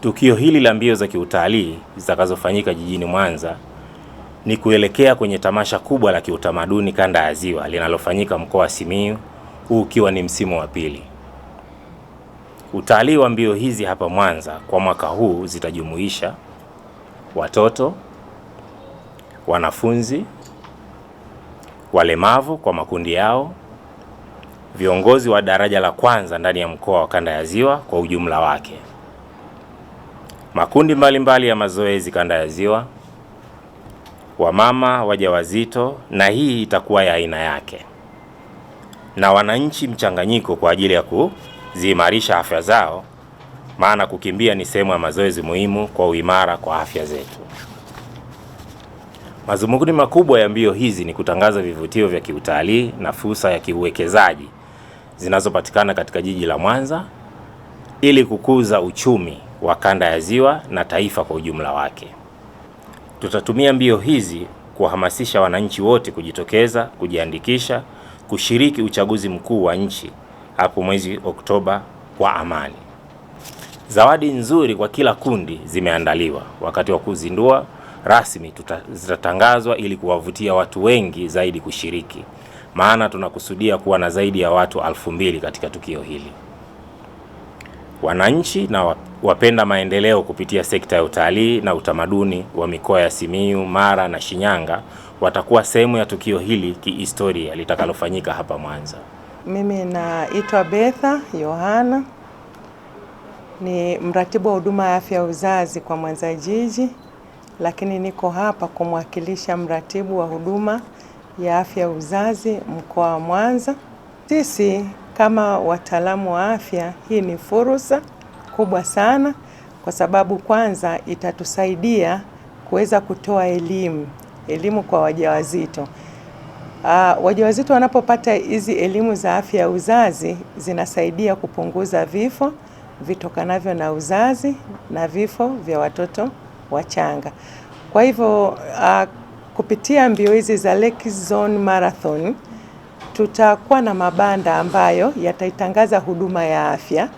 Tukio hili la mbio za kiutalii zitakazofanyika jijini Mwanza ni kuelekea kwenye tamasha kubwa la kiutamaduni kanda ya Ziwa linalofanyika mkoa wa Simiyu, huu ukiwa ni msimu wa pili. Utalii wa mbio hizi hapa Mwanza kwa mwaka huu zitajumuisha watoto, wanafunzi, walemavu kwa makundi yao, viongozi wa daraja la kwanza ndani ya mkoa wa kanda ya Ziwa kwa ujumla wake makundi mbalimbali mbali ya mazoezi kanda ya Ziwa, wamama wajawazito, na hii itakuwa ya aina yake, na wananchi mchanganyiko, kwa ajili ya kuziimarisha afya zao, maana kukimbia ni sehemu ya mazoezi muhimu kwa uimara kwa afya zetu. Mazumuni makubwa ya mbio hizi ni kutangaza vivutio vya kiutalii na fursa ya kiuwekezaji zinazopatikana katika jiji la Mwanza ili kukuza uchumi wa kanda ya ziwa na taifa kwa ujumla wake. Tutatumia mbio hizi kuwahamasisha wananchi wote kujitokeza, kujiandikisha, kushiriki uchaguzi mkuu wa nchi hapo mwezi Oktoba kwa amani. Zawadi nzuri kwa kila kundi zimeandaliwa. Wakati wa kuzindua rasmi zitatangazwa ili kuwavutia watu wengi zaidi kushiriki, maana tunakusudia kuwa na zaidi ya watu elfu mbili katika tukio hili wananchi na wapenda maendeleo kupitia sekta ya utalii na utamaduni wa mikoa ya Simiyu, Mara na Shinyanga watakuwa sehemu ya tukio hili kihistoria litakalofanyika hapa Mwanza. Mimi naitwa Betha Yohana, ni mratibu wa huduma ya afya ya uzazi kwa Mwanza Jiji, lakini niko hapa kumwakilisha mratibu wa huduma ya afya ya uzazi mkoa wa Mwanza. Sisi kama wataalamu wa afya, hii ni fursa kubwa sana, kwa sababu kwanza itatusaidia kuweza kutoa elimu, elimu kwa wajawazito. Uh, wajawazito wanapopata hizi elimu za afya ya uzazi zinasaidia kupunguza vifo vitokanavyo na uzazi na vifo vya watoto wachanga. Kwa hivyo uh, kupitia mbio hizi za Lake Zone Marathon tutakuwa na mabanda ambayo yataitangaza huduma ya afya,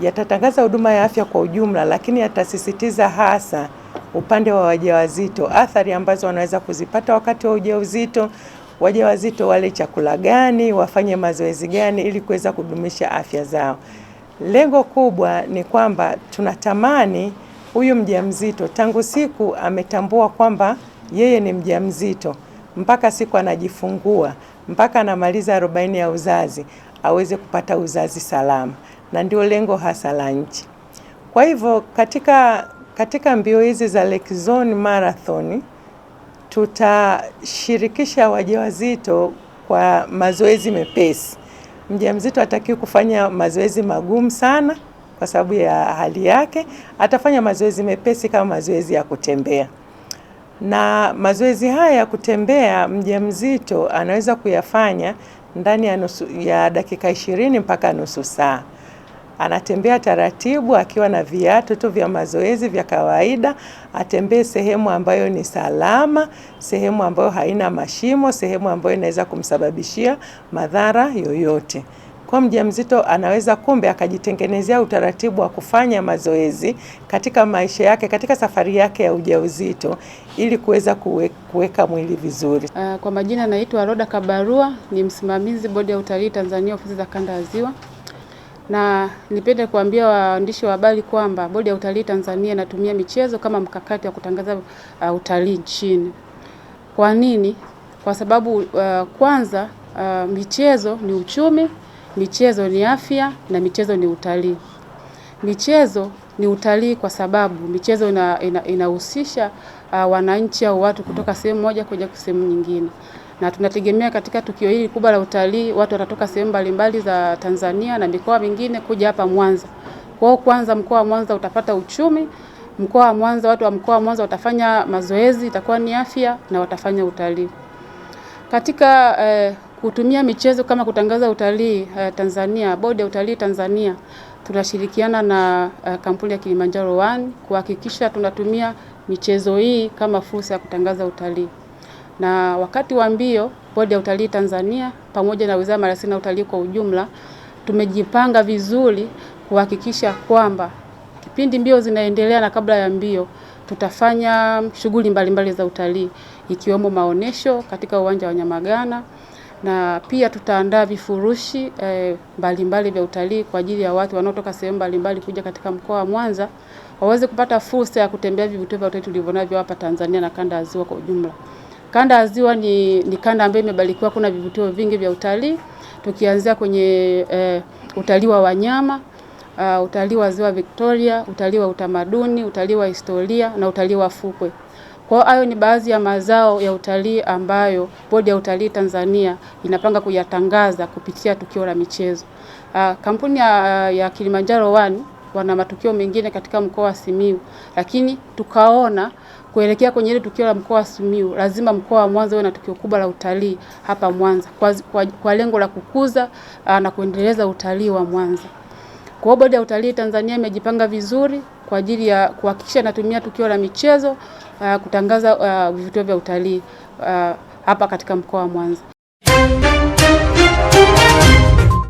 yatatangaza huduma ya afya kwa ujumla, lakini yatasisitiza hasa upande wa wajawazito, athari ambazo wanaweza kuzipata wakati wa ujauzito, wajawazito wale chakula gani, wafanye mazoezi gani ili kuweza kudumisha afya zao. Lengo kubwa ni kwamba tunatamani huyu mjamzito tangu siku ametambua kwamba yeye ni mjamzito mpaka siku anajifungua mpaka anamaliza arobaini ya uzazi aweze kupata uzazi salama, na ndio lengo hasa la nchi. Kwa hivyo katika, katika mbio hizi za Lake Zone Marathon tutashirikisha wajawazito kwa mazoezi mepesi. Mjamzito hatakiwi kufanya mazoezi magumu sana kwa sababu ya hali yake, atafanya mazoezi mepesi kama mazoezi ya kutembea na mazoezi haya ya kutembea, mjamzito anaweza kuyafanya ndani ya, nusu, ya dakika ishirini mpaka nusu saa. Anatembea taratibu akiwa na viatu tu vya mazoezi vya kawaida, atembee sehemu ambayo ni salama, sehemu ambayo haina mashimo, sehemu ambayo inaweza kumsababishia madhara yoyote kwa mjamzito anaweza kumbe akajitengenezea utaratibu wa kufanya mazoezi katika maisha yake, katika safari yake ya ujauzito ili kuweza kuweka mwili vizuri. Ah, kwa majina naitwa Roda Kabarua, ni msimamizi bodi ya utalii Tanzania, ofisi za kanda ya Ziwa, na nipende kuambia waandishi wa habari kwamba bodi ya utalii Tanzania inatumia michezo kama mkakati wa kutangaza uh, utalii nchini. Kwa nini? Kwa sababu uh, kwanza uh, michezo ni uchumi michezo ni afya na michezo ni utalii. Michezo ni utalii kwa sababu michezo inahusisha ina, uh, wananchi au watu kutoka sehemu moja kuja sehemu nyingine, na tunategemea katika tukio hili kubwa la utalii watu watatoka sehemu mbalimbali za Tanzania na mikoa mingine kuja hapa Mwanza. Kwa hiyo kwanza mkoa wa Mwanza utapata uchumi, mkoa wa Mwanza, watu wa mkoa wa Mwanza watafanya mazoezi, itakuwa ni afya na watafanya utalii katika eh, kutumia michezo kama kutangaza utalii uh, Tanzania. Bodi ya utalii Tanzania tunashirikiana na uh, kampuni ya Kilimanjaro One kuhakikisha tunatumia michezo hii kama fursa ya kutangaza utalii. Na wakati wa mbio, bodi ya utalii Tanzania pamoja na Wizara ya Maliasili na Utalii kwa ujumla tumejipanga vizuri kuhakikisha kwamba kipindi mbio zinaendelea na kabla ya mbio tutafanya shughuli mbalimbali za utalii ikiwemo maonesho katika uwanja wa Nyamagana na pia tutaandaa vifurushi e, mbalimbali vya utalii kwa ajili ya watu wanaotoka sehemu mbalimbali kuja katika mkoa wa Mwanza waweze kupata fursa ya kutembea vivutio vya utalii tulivyonavyo hapa Tanzania na kanda ya Ziwa kwa ujumla. Kanda ya Ziwa ni, ni kanda ambayo imebarikiwa kuna vivutio vingi vya utalii tukianzia kwenye e, utalii wa wanyama uh, utalii wa Ziwa Victoria, utalii wa utamaduni, utalii wa historia na utalii wa fukwe. Kwa hiyo hayo ni baadhi ya mazao ya utalii ambayo Bodi ya Utalii Tanzania inapanga kuyatangaza kupitia tukio la michezo. Ah, kampuni ya, ya Kilimanjaro One wana matukio mengine katika mkoa wa Simiyu, lakini tukaona kuelekea kwenye ile tukio la mkoa wa Simiyu, lazima mkoa wa Mwanza uwe na tukio kubwa la utalii hapa Mwanza kwa, kwa, kwa lengo la kukuza ah, na kuendeleza utalii wa Mwanza. Kwa hiyo Bodi ya Utalii Tanzania imejipanga vizuri kwa ajili ya kuhakikisha inatumia tukio la michezo uh, kutangaza uh, vivutio vya utalii uh, hapa katika mkoa wa Mwanza.